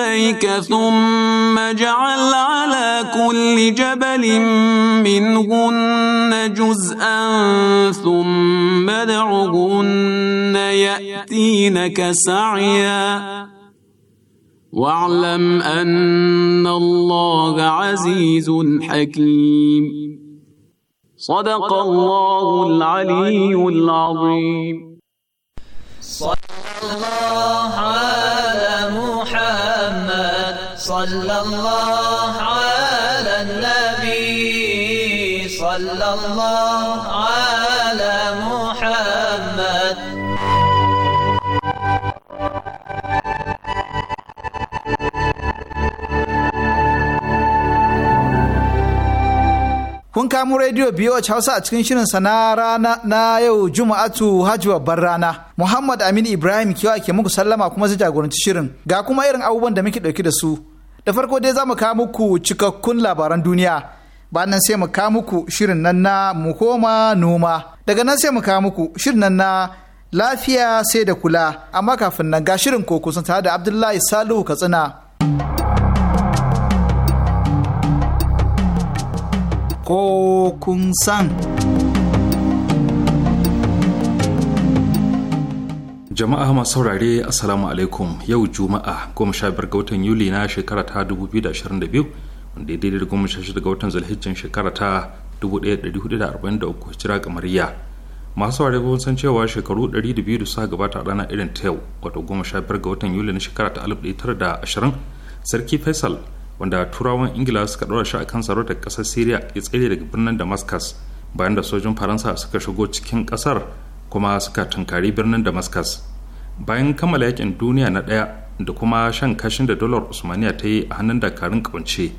إليك ثم جعل على كل جبل منهن جزءا ثم دعهن يأتينك سعيا واعلم أن الله عزيز حكيم صدق الله العلي العظيم صلى الله عليه صلى الله على النبي صلى الله على Kun kamo rediyo biyu a Hausa a cikin shirin sana rana na yau Juma'atu Hajji babbar rana. Muhammad Aminu Ibrahim kiwa ke muku sallama kuma zai jagoranci shirin. Ga kuma irin abubuwan da muke ɗauki da su. da farko dai za mu kawo muku cikakkun labaran duniya nan sai mu kawo muku shirin nan na mu koma noma daga nan sai mu kawo muku shirin nan na lafiya sai da kula amma kafin nan ga shirin koko sun tare da abdullahi salihu katsina ko kun san jama'a masu saurare assalamu alaikum yau juma'a goma sha biyar ga watan yuli na shekara ta 2022 wanda ya daidai da goma sha shida ga watan zulhijjin shekara ta 1443 hijira kamariya masu saurare kun san cewa shekaru 200 da suka gabata a ranar irin ta yau wato goma sha biyar ga watan yuli na shekara ta 1920 sarki faisal wanda turawan ingila suka ɗora shi a kan sarautar ƙasar syria ya tsere daga birnin damascus bayan da sojin faransa suka shigo cikin ƙasar kuma suka tunkari birnin damascus bayan kammala yakin duniya na ɗaya da kuma shan kashin da dolar usmaniya ta yi a hannun dakarun kabance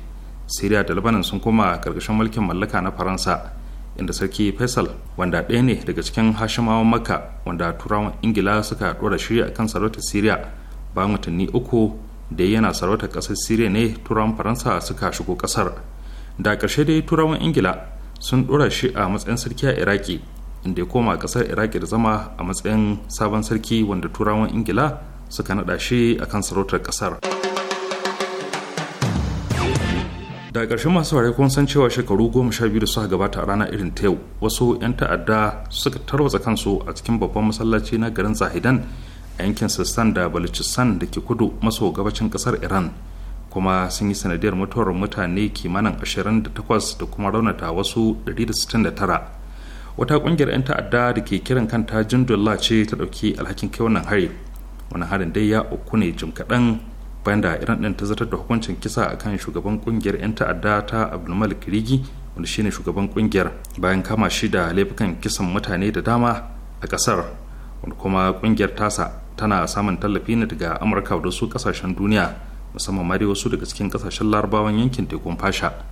syria da lebanon sun koma karkashin mulkin mallaka na faransa inda sarki faisal wanda ɗaya ne daga cikin hashimawan maka wanda turawan ingila suka ɗora shi a kan sarautar syria bayan watanni uku da yana sarautar ƙasar syria ne turawan faransa suka shigo ƙasar da ƙarshe dai turawan ingila sun ɗora shi a matsayin sarki a iraki inda ya koma kasar iraki da zama a matsayin sabon sarki wanda turawan ingila suka naɗa shi a kan sarautar kasar daga ƙarshen masu ware kun san cewa shekaru goma sha biyu da suka gabata a rana irin ta yau wasu 'yan ta'adda suka tarwatsa kansu a cikin babban masallaci na garin zahidan a yankin sistan da baluchistan da ke kudu maso gabacin kasar iran kuma sun yi sanadiyar mutuwar mutane kimanin 28 da kuma raunata wasu 169 wata kungiyar 'yan ta'adda da ke kiran kanta jindullah ce ta dauki alhakin kai wannan hari wani harin dai ya uku ne jim kaɗan bayan da iran ɗin ta zartar da hukuncin kisa a kan shugaban kungiyar 'yan ta'adda ta abdulmalik rigi wanda shine shugaban kungiyar bayan kama shi da laifukan kisan mutane da dama a kasar wanda kuma kungiyar tasa tana samun tallafi ne daga amurka da su kasashen duniya musamman ma dai wasu daga cikin kasashen larabawan yankin tekun fasha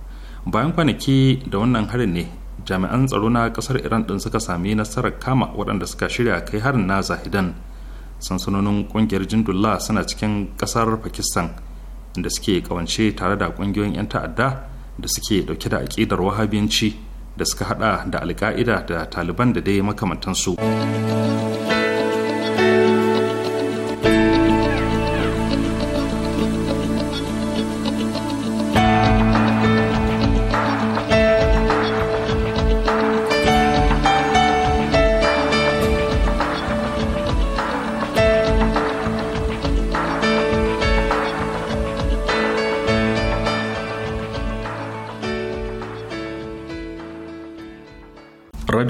bayan kwanaki da wannan harin ne jami'an tsaro na kasar iran din suka sami nasarar kama waɗanda suka shirya kai harin na zahidan sansanonin ƙungiyar jindullah suna cikin ƙasar pakistan inda suke ƙawance tare da ƙungiyoyin 'yan ta'adda da suke ɗauke da aƙidar wahabiyanci da suka hada da alka'ida da taliban da dai makamantansu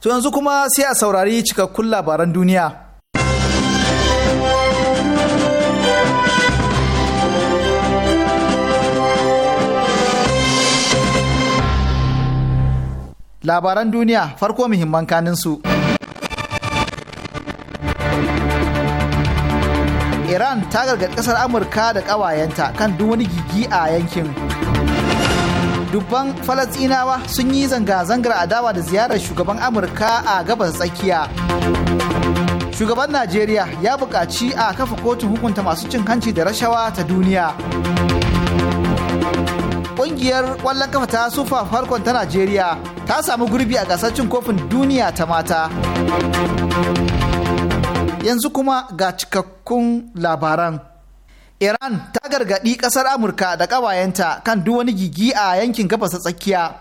To yanzu kuma sai a saurari cikakkun labaran duniya. Labaran duniya farko muhimman kaninsu. Iran ta gargaɗi ƙasar Amurka da ƙawayenta kan duk wani gigi a yankin. dubban falasinawa sun yi zanga-zangar adawa da ziyarar shugaban amurka a gabas tsakiya shugaban najeriya ya buƙaci a kafa kotun hukunta masu cin hanci da rashawa ta duniya ƙungiyar ƙwallon kafa ta sufa farkon ta najeriya ta samu gurbi a gasar cin kofin duniya ta mata yanzu kuma ga cikakkun labaran Iran ta gargaɗi ƙasar Amurka da ƙawayenta kan duk wani gigi a yankin gabas tsakiya.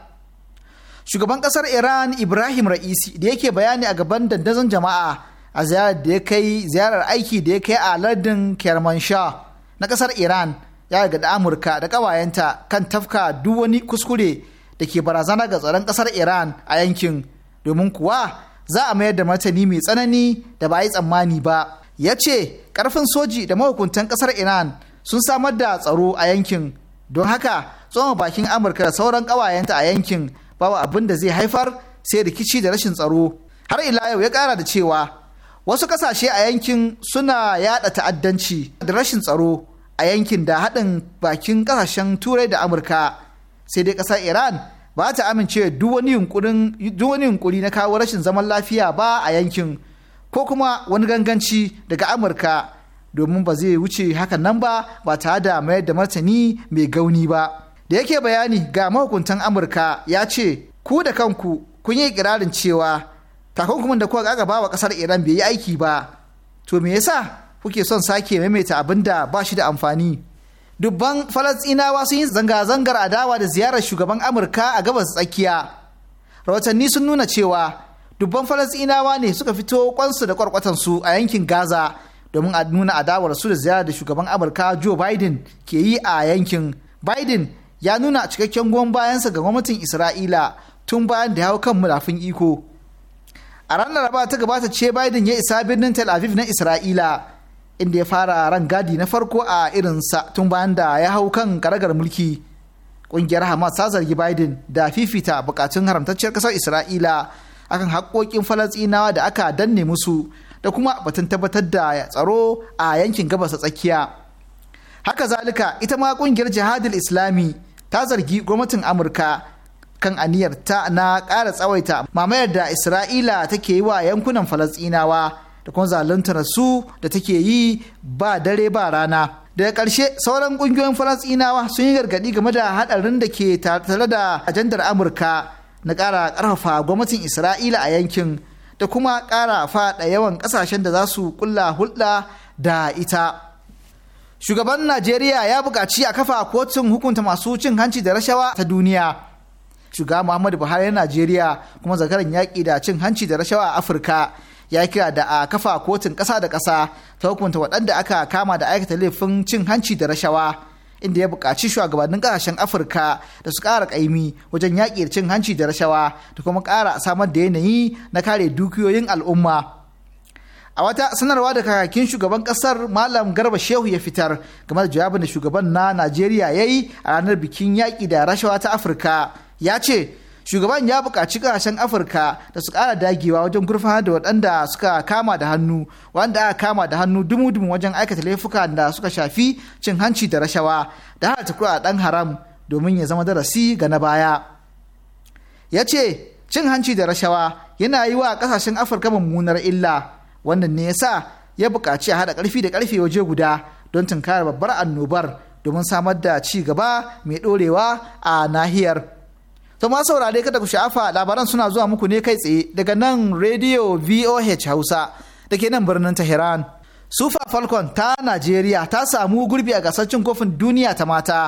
Shugaban ƙasar Iran Ibrahim Ra'isi da yake bayani a gaban dandazon jama'a a ziyarar da ya kai ziyarar aiki da ya kai a lardin Kermanshah na ƙasar Iran ya gargaɗi Amurka da ƙawayenta kan tafka duk wani kuskure da ke barazana ga tsaron ƙasar Iran a yankin domin kuwa za a mayar da martani mai tsanani da ba a yi tsammani ba. ya ce karfin soji da mahukuntan kasar iran sun samar da tsaro a yankin don haka tsohon bakin amurka da sauran ƙawayenta a yankin babu abin da zai haifar sai rikici da rashin tsaro har ila yau ya kara da cewa wasu kasashe a yankin suna yada ta'addanci da rashin tsaro a yankin da haɗin bakin kasashen turai da amurka sai dai ƙasar iran ba ta amince duk wani yunkuri na kawo rashin zaman lafiya ba a yankin ko kuma wani ganganci daga amurka domin ba zai wuce hakan nan ba ba tare da mayar da martani mai gauni ba da yake bayani ga mahukuntan amurka ya ce ku da kanku kun yi ikirarin cewa takunkumin da kuka gaba wa kasar iran bai yi aiki ba to me yasa kuke son sake maimaita abin da ba shi da amfani dubban falastinawa sun yi zanga-zangar adawa da ziyarar shugaban amurka a gabas tsakiya rahotanni sun nuna cewa dubban falasinawa ne suka fito kwansu da kwarkwatansu a yankin gaza domin a nuna adawar su da ziyara da shugaban amurka joe biden ke yi a yankin biden ya nuna cikakken goyon bayansa ga gwamnatin isra'ila tun bayan da ya hau kan mulafin iko a ranar raba ta gabata ce biden ya isa birnin tel aviv na isra'ila inda ya fara ran gadi na farko a irinsa tun bayan da ya hau kan karagar mulki ƙungiyar hamas ta zargi biden da fifita bukatun haramtacciyar kasar isra'ila akan haƙoƙin falasɗinawa da aka danne musu da kuma batun tabbatar da tsaro a yankin gabas tsakiya haka zalika ita ma ƙungiyar jihadil islami ta zargi gwamnatin amurka kan aniyar ta na ƙara tsawaita mamayar da isra'ila take yi wa yankunan falasɗinawa da kuma zaluntar su da take yi ba dare ba rana daga ƙarshe sauran ƙungiyoyin falasɗinawa sun yi gargaɗi game da haɗarin da ke tare da ajandar amurka na ƙara ƙarfafa gwamnatin isra'ila a yankin da kuma ƙara faɗa yawan ƙasashen da za su ƙulla hulɗa da ita shugaban najeriya ya buƙaci a kafa kotun hukunta masu cin hanci da rashawa ta duniya Shuga muhammadu buhari na najeriya kuma zakaran yaƙi da cin hanci da rashawa a afirka ya kira da a kafa kotun ƙasa da ƙasa ta hukunta waɗanda aka kama da aikata laifin cin hanci da rashawa inda ya buƙaci shugabannin ƙasashen afirka da su ƙara ƙaimi wajen yaƙi da cin hanci da rashawa da kuma ƙara samar da yanayi na kare dukiyoyin al'umma a wata sanarwa da kakakin shugaban ƙasar malam garba shehu ya fitar game da jawabin da shugaban na najeriya ya yi a ranar bikin yaƙi da rashawa ta afirka ya ce shugaban ya buƙaci ƙasashen afirka da su ƙara dagewa wajen gurfanar da waɗanda suka kama da hannu wanda aka kama da hannu dumu-dumu wajen aikata laifuka da suka shafi cin hanci da rashawa da hana a ɗan haram domin ya zama darasi ga na baya ya ce cin hanci da rashawa yana yi wa ƙasashen afirka mummunar illa wannan ne yasa ya buƙaci a haɗa ƙarfi da ƙarfe waje guda don tunkarar babbar annobar domin samar da ci gaba mai ɗorewa a nahiyar To ma saurare kada ku sha'afa labaran suna zuwa muku ne kai tsaye daga nan Radio VOH Hausa da ke nan birnin Tehran. Sufa Falcon ta Najeriya ta samu gurbi a gasar cin kofin duniya ta mata.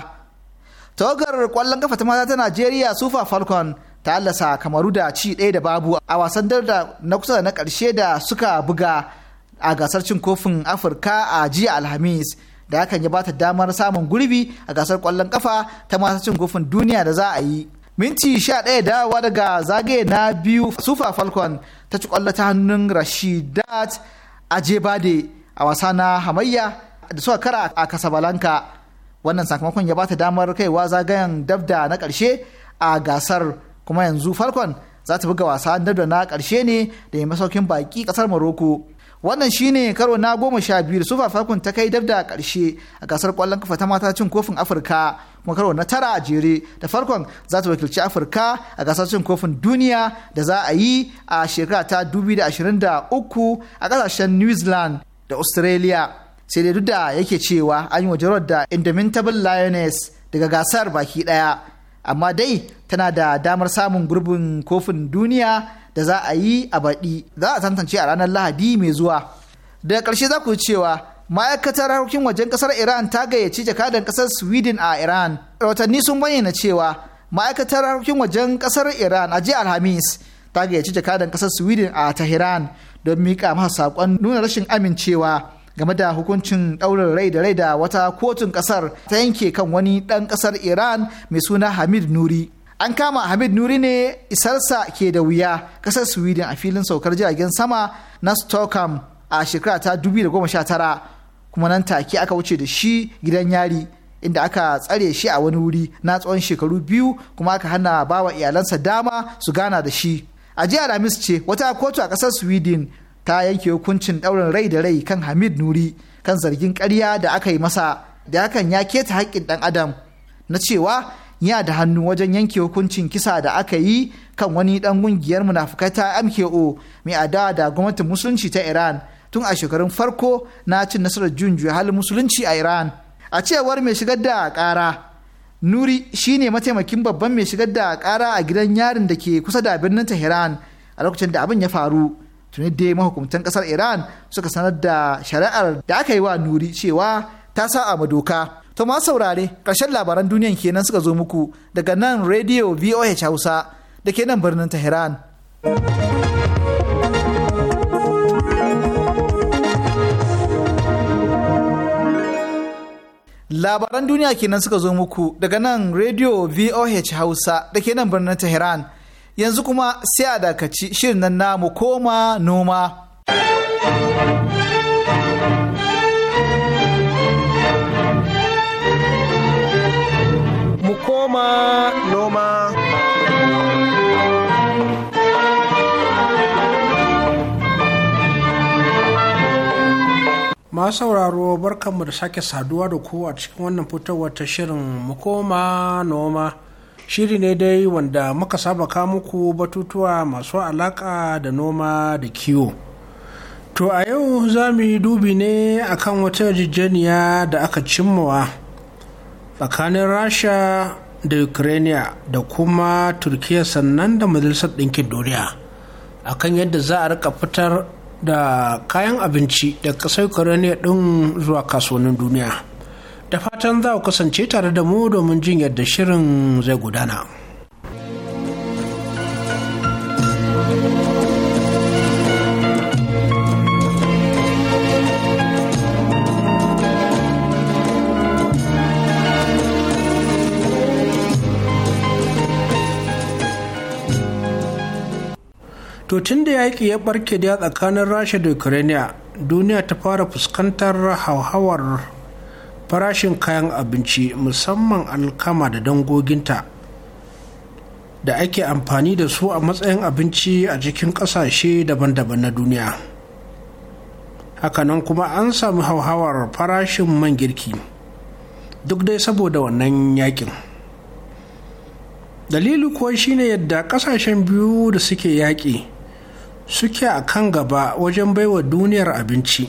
Tawagar kwallon kafa ta mata ta Najeriya Sufa Falcon ta allasa kamaru da ci ɗaya da babu a wasan da na kusa da na ƙarshe da suka buga a gasar cin kofin Afirka a jiya Alhamis. da hakan ya bata damar samun gurbi a gasar kwallon kafa ta masu cin kofin duniya da za a yi. minti sha ɗaya dawa daga zage na biyu sufa falcon ta ci kwallo ta hannun rashidat ajebade a wasa na hamayya da suka kara a kasabalanka wannan sakamakon ya bata damar kaiwa zagayen dabda na karshe a gasar kuma yanzu falcon za ta buga wasa dabda na karshe ne da mai masaukin baki kasar maroko wannan shine karo na goma sha biyu da sufa farkon ta kai dab da karshe a gasar kwallon kafa ta mata cin kofin afirka kuma karo na tara a jere da farkon za ta wakilci afirka a gasar cin kofin duniya da za a yi a shekara ta 2023 a kasashen new zealand da australia sai dai duk da yake cewa an yi wa jarod da indomitable lioness daga gasar baki daya amma dai tana da damar samun gurbin kofin duniya da za a yi a baɗi za a tantance a ranar lahadi mai zuwa daga ƙarshe za ku cewa ma'aikatar harkokin wajen ƙasar iran ta gayyaci jakadan ƙasar sweden a iran rahotanni sun bayyana cewa ma'aikatar harkokin wajen ƙasar iran a jiya alhamis ta gayyaci jakadan ƙasar sweden a tahiran. don miƙa masa saƙon nuna rashin amincewa game da hukuncin ɗaurin rai da rai da wata kotun ƙasar ta yanke kan wani ɗan ƙasar iran mai suna hamid nuri an kama Hamid Nuri ne isarsa ke da wuya kasar Sweden a filin saukar jiragen sama na Stockholm a shekara ta 2019 kuma nan take aka wuce da shi gidan yari inda aka tsare shi a wani wuri na tsawon shekaru biyu kuma aka hana bawa iyalansa dama su gana da shi. A jiya Alhamis ce wata kotu a kasar Sweden ta yanke hukuncin ɗaurin rai da rai kan Hamid Nuri kan zargin ƙarya da aka yi masa da hakan ya keta haƙƙin ɗan adam na cewa ya da hannu wajen yanke hukuncin kisa da aka yi kan wani dan kungiyar munafukai ta MKO mai adawa da gwamnatin musulunci ta Iran tun a shekarun farko na cin nasarar juyin halin musulunci a Iran. A cewar mai shigar da kara Nuri shine mataimakin babban mai shigar da kara a gidan yarin da ke kusa da birnin Tehran a lokacin da abin ya faru. Tuni dai mahukuntan kasar Iran suka sanar da shari'ar da aka yi wa Nuri cewa ta sa a doka. To ma saurare ƙarshen labaran duniyan kenan suka zo muku daga nan Radio VOH Hausa da ke nan birnin Tehran. Labaran duniya kenan suka zo muku daga nan Radio VOH Hausa da ke nan birnin Tehran. Yanzu kuma sai a dakaci shirin nan namu koma noma. masu sauraro barkanmu da sake saduwa da ku a cikin wannan fitowar ta shirin mukoma noma shiri ne dai wanda muka saba ka muku batutuwa masu alaka da noma da kiwo to a yau za mu yi dubi ne akan wata yarjejeniya da aka cimmawa tsakanin rasha da ukraine da kuma turkiya sannan da majalisar ɗinkin duniya akan yadda za a rika fitar da kayan abinci da ƙasar Ukraine ɗin zuwa kasuwannin duniya. Da fatan za ku kasance tare da mu domin jin yadda shirin zai gudana. to tun da yaƙi ya barke da tsakanin rasha da ukraine duniya ta fara fuskantar hauhawar farashin kayan abinci musamman alkama da dangoginta da ake amfani da su a matsayin abinci a cikin ƙasashe daban-daban na duniya hakanan kuma an sami hauhawar farashin man girki duk dai saboda wannan yakin dalili kuwa shine yadda kasashen biyu da suke yaƙi suke a kan gaba wajen baiwa duniyar abinci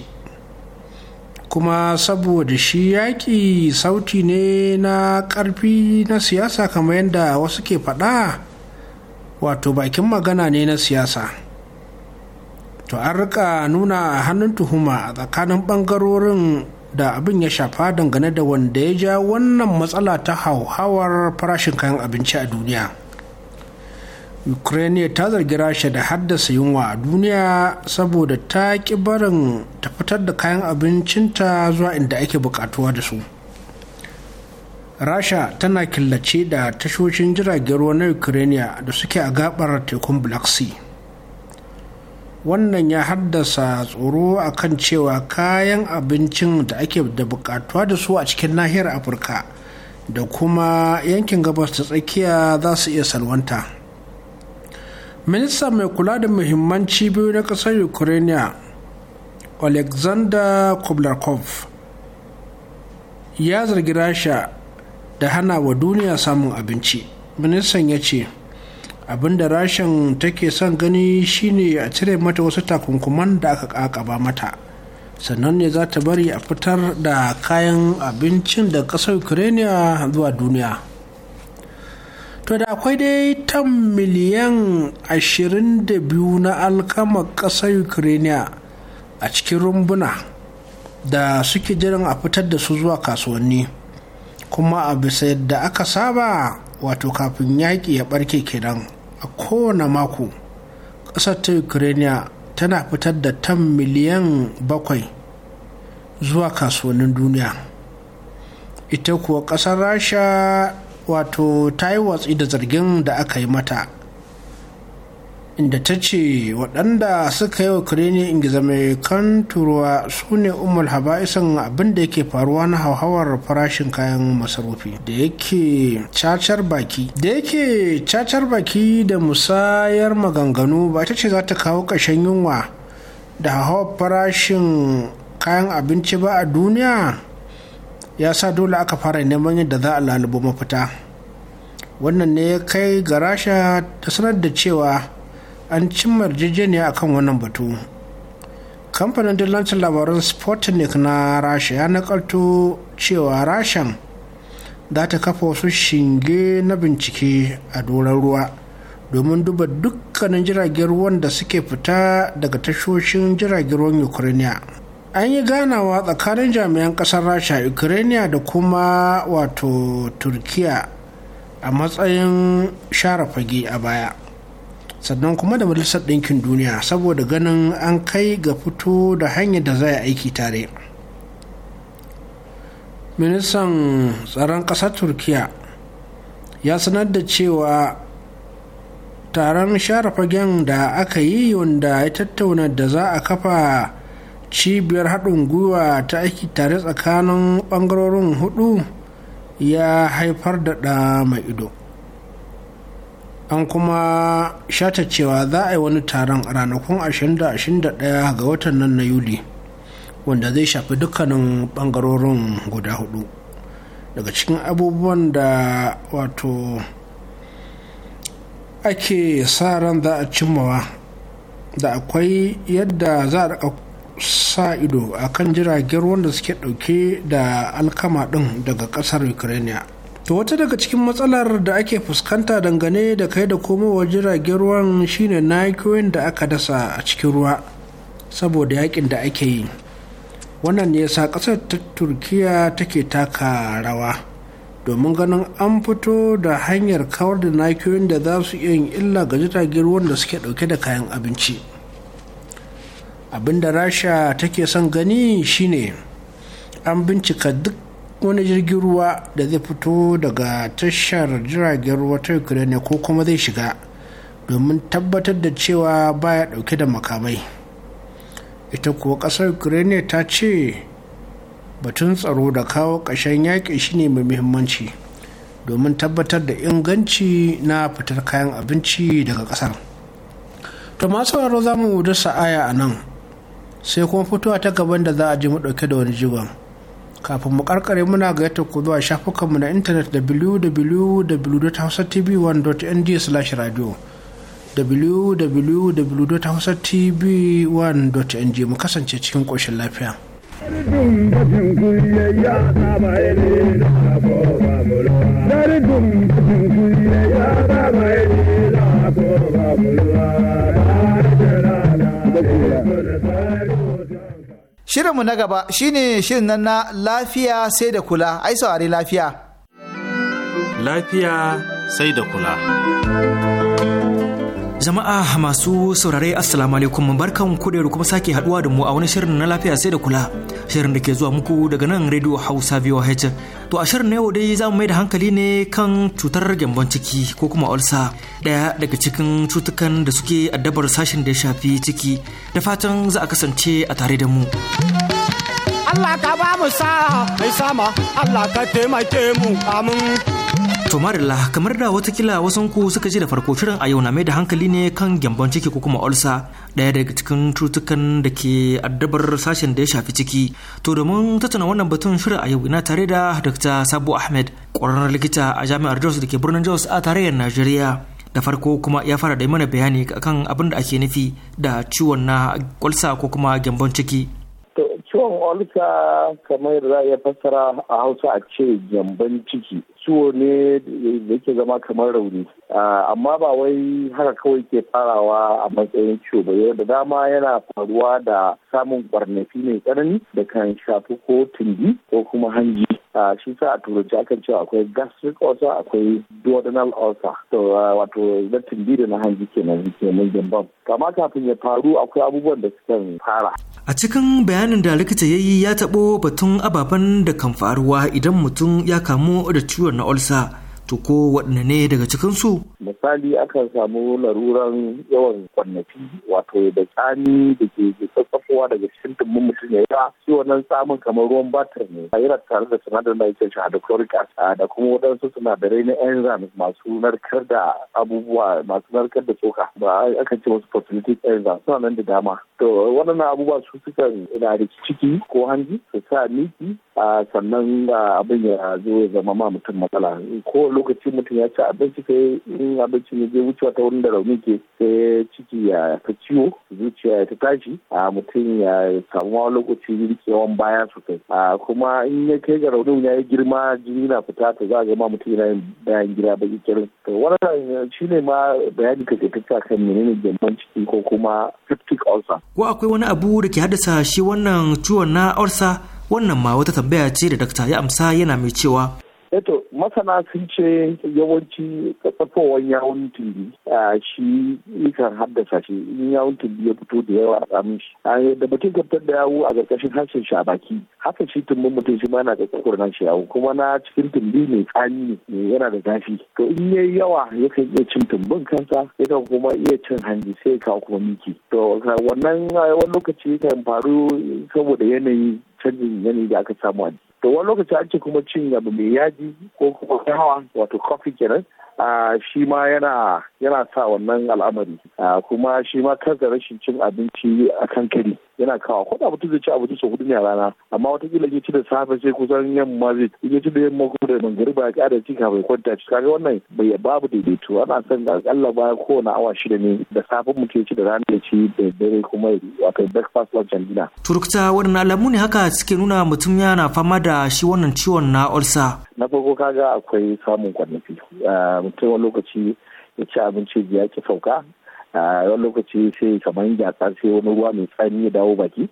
kuma saboda shi yaƙi sauti ne na ƙarfi na siyasa kamar yadda wasu ke faɗa wato bakin magana ne na siyasa to an rika nuna hannun tuhuma a tsakanin ɓangarorin da abin ya shafa dangane da wanda ya ja wannan matsala ta hauhawar farashin kayan abinci a duniya ukraine ta zargi rasha da haddasa yunwa a duniya saboda ta ki barin ta fitar da kayan abincinta zuwa inda ake bukatuwa da su rasha tana killace da tashoshin jiragen ruwa na ukraine da suke a gabar tekun black sea wannan ya haddasa tsoro a kan cewa kayan abincin da ake da bukatuwa da su a cikin nahiyar afirka da kuma yankin gabas ta tsakiya za su iya salwanta. minista mai kula da muhimman biyu na ƙasar ukraine alexander kublakov ya zargi rasha da hana wa duniya samun abinci ministan ya ce abinda rashin take son gani shine a cire mata wasu takunkuman da aka kakaba mata sannan ne za ta bari a fitar da kayan abincin da ƙasar ukraine zuwa duniya to da akwai dai tan miliyan 22 na alkama ƙasar ukraine a cikin rumbuna da suke jiran a fitar da su zuwa kasuwanni kuma a bisa yadda aka saba wato kafin yaƙi ya ɓarke kenan a kowane mako ƙasar ta ukraine tana fitar da tan miliyan bakwai zuwa kasuwannin duniya ita kuwa ƙasar rasha wato ta yi watsi da zargin da aka yi mata inda ta ce waɗanda suka yi wa kirini ingiza mai kan turuwa su ne umar haba'isan abin da yake faruwa na hauhawar farashin kayan masarufi da yake cacar baki da yake cacar baki da musayar maganganu ba ta ce za ta kawo ƙashen yunwa da hauhawar farashin kayan abinci ba a duniya ya sa dole aka fara neman yadda za a lalubo mafita wannan ne ya kai ga rasha ta sanar da cewa an cimma yarjejeniya akan wannan batu kamfanin dillancin labaran sputnik na rasha ya nakalto cewa rashan za ta kafa wasu shinge na bincike a doron ruwa domin duba dukkanin jiragen ruwan da suke fita daga tashoshin jiragen ruwan ukraine an yi ganawa tsakanin jami'an kasar rasha ukraine da kuma wato turkiya a matsayin share fage a baya sannan kuma da majalisar ɗinkin duniya saboda ganin an kai ga fito da hanyar da za a aiki tare ministan tsaron ƙasar turkiya ya sanar da cewa taron share fagen da aka yi wanda ya tattauna da za a kafa cibiyar haɗin gwiwa ta aiki tare tsakanin ɓangarorin hudu ya haifar da ɗa mai ido an kuma shata cewa za a yi wani taron a ranakun 20-21 ga watan nan na yuli wanda zai shafi dukkanin ɓangarorin guda hudu daga cikin abubuwan da wato ake sa ran za a cimmawa da akwai yadda za a sa ido a kan jiragen ruwan da suke ɗauke da alkama ɗin daga ƙasar ukraine to wata daga cikin matsalar da ake fuskanta dangane da kai da komowar jiragen ruwan shine nakiyoyin da aka dasa a cikin ruwa saboda yakin da ake yi wannan ne yasa ƙasar ta turkiya take taka rawa domin ganin an fito da hanyar kawar da nakiyoyin da za su iya yin illa ga jiragen ruwan da suke ɗauke da kayan abinci. Abin da rasha take son gani shine an bincika duk wani jirgin ruwa da zai fito daga tashar jiragen ruwa ta ukraine ko kuma zai shiga domin tabbatar da cewa baya dauke da makamai ita kuwa kasar ukraine ta ce batun tsaro da kawo ƙashen yaƙi shine mai muhimmanci domin tabbatar da inganci na fitar kayan abinci daga ƙasar to masu za mu dasa aya a nan sai kuma fitowa ta gaban da za a ji mu dauke da wani jigon kafin mu karkare muna ga yadda ku zuwa shafukanmu na intanet www.hausatv1.ng/radio www.hausatv1.ng mu kasance cikin koshin lafiya. Dari dum Shirinmu na gaba shine shirin nan na lafiya sai da kula, ai saurari lafiya. Lafiya sai da kula. Jama'a masu saurare Assalamu alaikum barkan ku da kuma sake haduwa da mu a wani shirin na lafiya sai da kula. Shirin da ke zuwa muku daga nan Radio Hausa VOH. To a shirin na yau dai zamu mai da hankali ne kan cutar gyambon ciki ko kuma ulsa daya daga cikin cutukan da suke addabar sashen da ya shafi ciki da fatan za a kasance a tare da mu. Allah ka ba mu sa mai sama Allah ka taimake mu amin To marilla kamar da watakila wasanku suka ji da farko shirin a yau na mai da hankali ne kan gyambon ciki ko kuma olsa daya daga cikin cutukan da ke addabar sashen da ya shafi ciki. To domin tattauna wannan batun shirin a yau ina tare da Dr. Sabo Ahmed ƙwararren likita a jami'ar Jos da ke birnin Jos a tarayyar Najeriya. Da farko kuma ya fara da mana bayani kan abin da ake nufi da ciwon na olsa ko kuma gyambon ciki. ciwon Olka kamar yadda za a iya fassara a hausa a ce gyamban ciki ciwo ne da ke zama kamar rauni amma ba wai haka kawai ke farawa a matsayin ciwo ba da dama yana faruwa da samun kwarnafi mai tsanani da kan shafi ko tumbi ko kuma hanji a shi sa a turanci akan cewa akwai gastric ulcer akwai duodenal ulcer to wato zartin tumbi da na hanji kenan kenan gyambon kama kafin ya faru akwai abubuwan da suka fara a cikin bayanin da likita ya yi ya taɓo batun ababen da kan faruwa idan mutum ya kamu da ciwon na ulcer to ko waɗanda ne daga cikinsu? Misali akan samu laruran yawan kwannafi wato da tsani da ke tsatsafowa daga cikin tumbin mutum ya yawa shi wannan samun kamar ruwan batir ne a yana tare da sinadarin da yake shahada chloric acid da kuma waɗansu sinadarai na enzymes masu narkar da abubuwa masu narkar da tsoka ba akan ce wasu facilitic enzymes suna nan da dama to waɗannan abubuwa su sukan na da ciki ko hanji su sa miki a sannan abin ya zo ya zama ma mutum matsala ko lokaci mutum ya ci abinci sai in abincin ya je wucewa ta wurin da rauni ke sai ciki ya ta ciwo zuciya ya ta tashi a mutum ya samu wani lokaci rikewan baya sosai a kuma in ya kai ga raunin ya yi girma jini na fita to za a ga mutum yana yin bayan gida baki kirin to wannan shine ma bayani ka ta kan menene gyamban ciki ko kuma cystic ulcer ko akwai wani abu da ke haddasa shi wannan ciwon na ulcer wannan ma wata tambaya ce da dakta ya amsa yana mai cewa eto masana sun ce yawanci tsafowar yawon tumbi a shi kan haddasa shi in yawon tumbi ya fito da yawa a tsamin shi da mutum kaftar da yawo a ƙarƙashin harshen shi a baki haka shi tumbin mutum shi ma yana da kukurin shi yawo kuma na cikin tumbi mai tsani ne yana da zafi to in yayi yawa ya yakan iya cin tumbin kansa kan kuma iya cin hanji sai ya kawo kuma miki to wannan wani lokaci kan faru saboda yanayi canjin yanayi da aka samu a to wani lokaci an ce kuma cin abu mai yaji ko kuma hawa wato coffee kenan shi ma yana sa wannan al'amari kuma shi ma kansa rashin cin abinci a kan kari yana kawo ko da mutum zai ci abinci sau hudu ne a rana amma wataƙila ya ci da safe sai kusan yamma zai ya ci da yamma kuma da mangariba ya kada ci kafin kwanta ci kaga wannan bai babu daidaito ana son ga akalla baya kowane awa shida ne da safe mutum ya ci da rana ya ci da dare kuma wato breakfast lunch and dinner. turkta waɗannan alamu ne haka suke nuna mutum yana fama da shi wannan ciwon na ulcer. na farko kaga akwai samun kwanafi mutum wani lokaci ya ci abinci ya ki sauka wani lokaci sai kamar gyatsa sai wani ruwa mai tsani ya dawo baki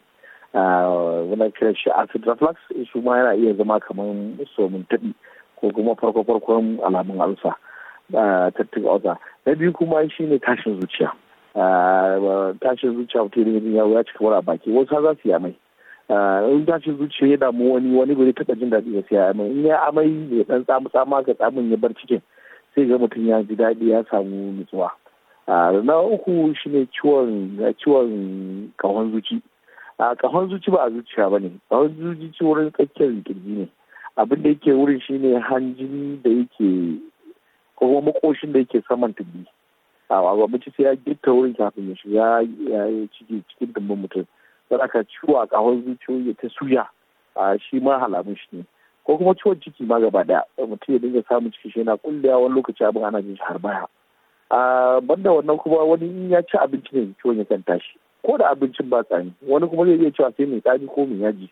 wani kiran shi acid reflux shi ma yana iya zama kamar somin taɓi ko kuma farko farkon alamun alsa tattun alsa na biyu kuma shi ne tashin zuciya tashin zuciya mutum ya ya ci kamar a baki wasu za su yi amai in tashin zuciya ya damu wani wani gari taɓa jin daɗi ya siya amai in ya amai ya ɗan tsamu tsamu ka tsamun ya bar cikin sai ga mutum ya ji daɗi ya samu nutsuwa na uku shine ciwon ciwon kahon zuci a kahon zuci ba a zuciya ba ne kahon zuci ci wurin tsakiyar kirji ne abin da yake wurin shine hanjin da yake ko makoshin da yake saman tubi. a abinci sai ya gitta wurin kafin ya shiga ya ciki cikin dumbin mutum saboda ciwo a kahon zuci ya ta suya a shi ma halamun shi ne ko kuma ciwon ciki ma gaba daya mutum ya dinga samun ciki shi yana kullewa wani lokaci abin ana jin shi har baya banda wannan kuma wani in ya ci abinci ne ciwon ya kan tashi ko da abincin ba tsani wani kuma zai iya cewa sai mai tsani ko mai yaji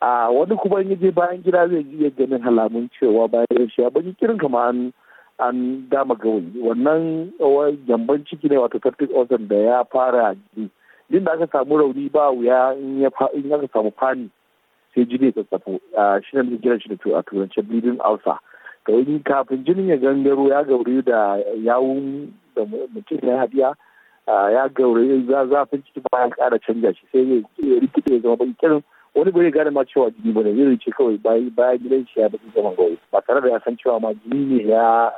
a wani kuma in je bayan gida zai iya ganin halamun cewa bayan shi abin kirin kama an an dama gawayi wannan gyamban ciki ne wato tartic ulcer da ya fara jini din da aka samu rauni ba wuya in aka samu fani sai jini ya tsatsafo shi ne gina shi da a turance bleeding ulcer to in kafin jinin ya gangaro ya gauri da yawun da mutum ya hadiya ya gauri zafin ciki ba ya kara canja shi sai ya rikide ya zama ba kirin wani bai gane ma cewa jini bane zai rike kawai bayan gidan shi ya baki zaman gauri ba tare da ya san cewa ma jini ne ya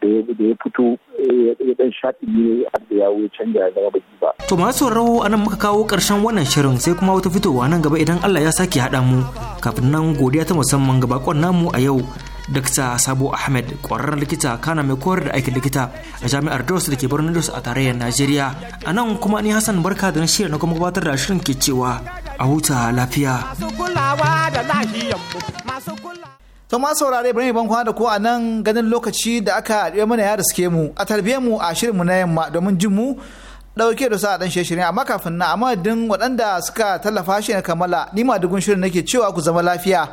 da ya fito eh, ya dan shaɗi ne har da wuce canja ya zama baki ba. To masu rawo a nan muka kawo ƙarshen wannan shirin sai kuma wata fitowa nan gaba idan Allah ya sake haɗa mu kafin nan godiya ta musamman ga bakon namu a yau. dr Sabo Ahmed ƙwararren likita kana mai koyar da aikin likita a jami'ar Jos da ke birnin Jos a tarayyar Najeriya. A nan kuma ni Hassan Barka da na shirya na kuma gabatar da shirin ke cewa a huta lafiya. To ma saurare bari ban da ku a nan ganin lokaci da aka haɗe mana ya riske mu a tarbiyyar mu a shirin mu na yamma domin jin mu ɗauke da sa ɗan shirin amma kafin na amma din waɗanda suka tallafa shi na kammala ni ma dugun shirin nake cewa ku zama lafiya.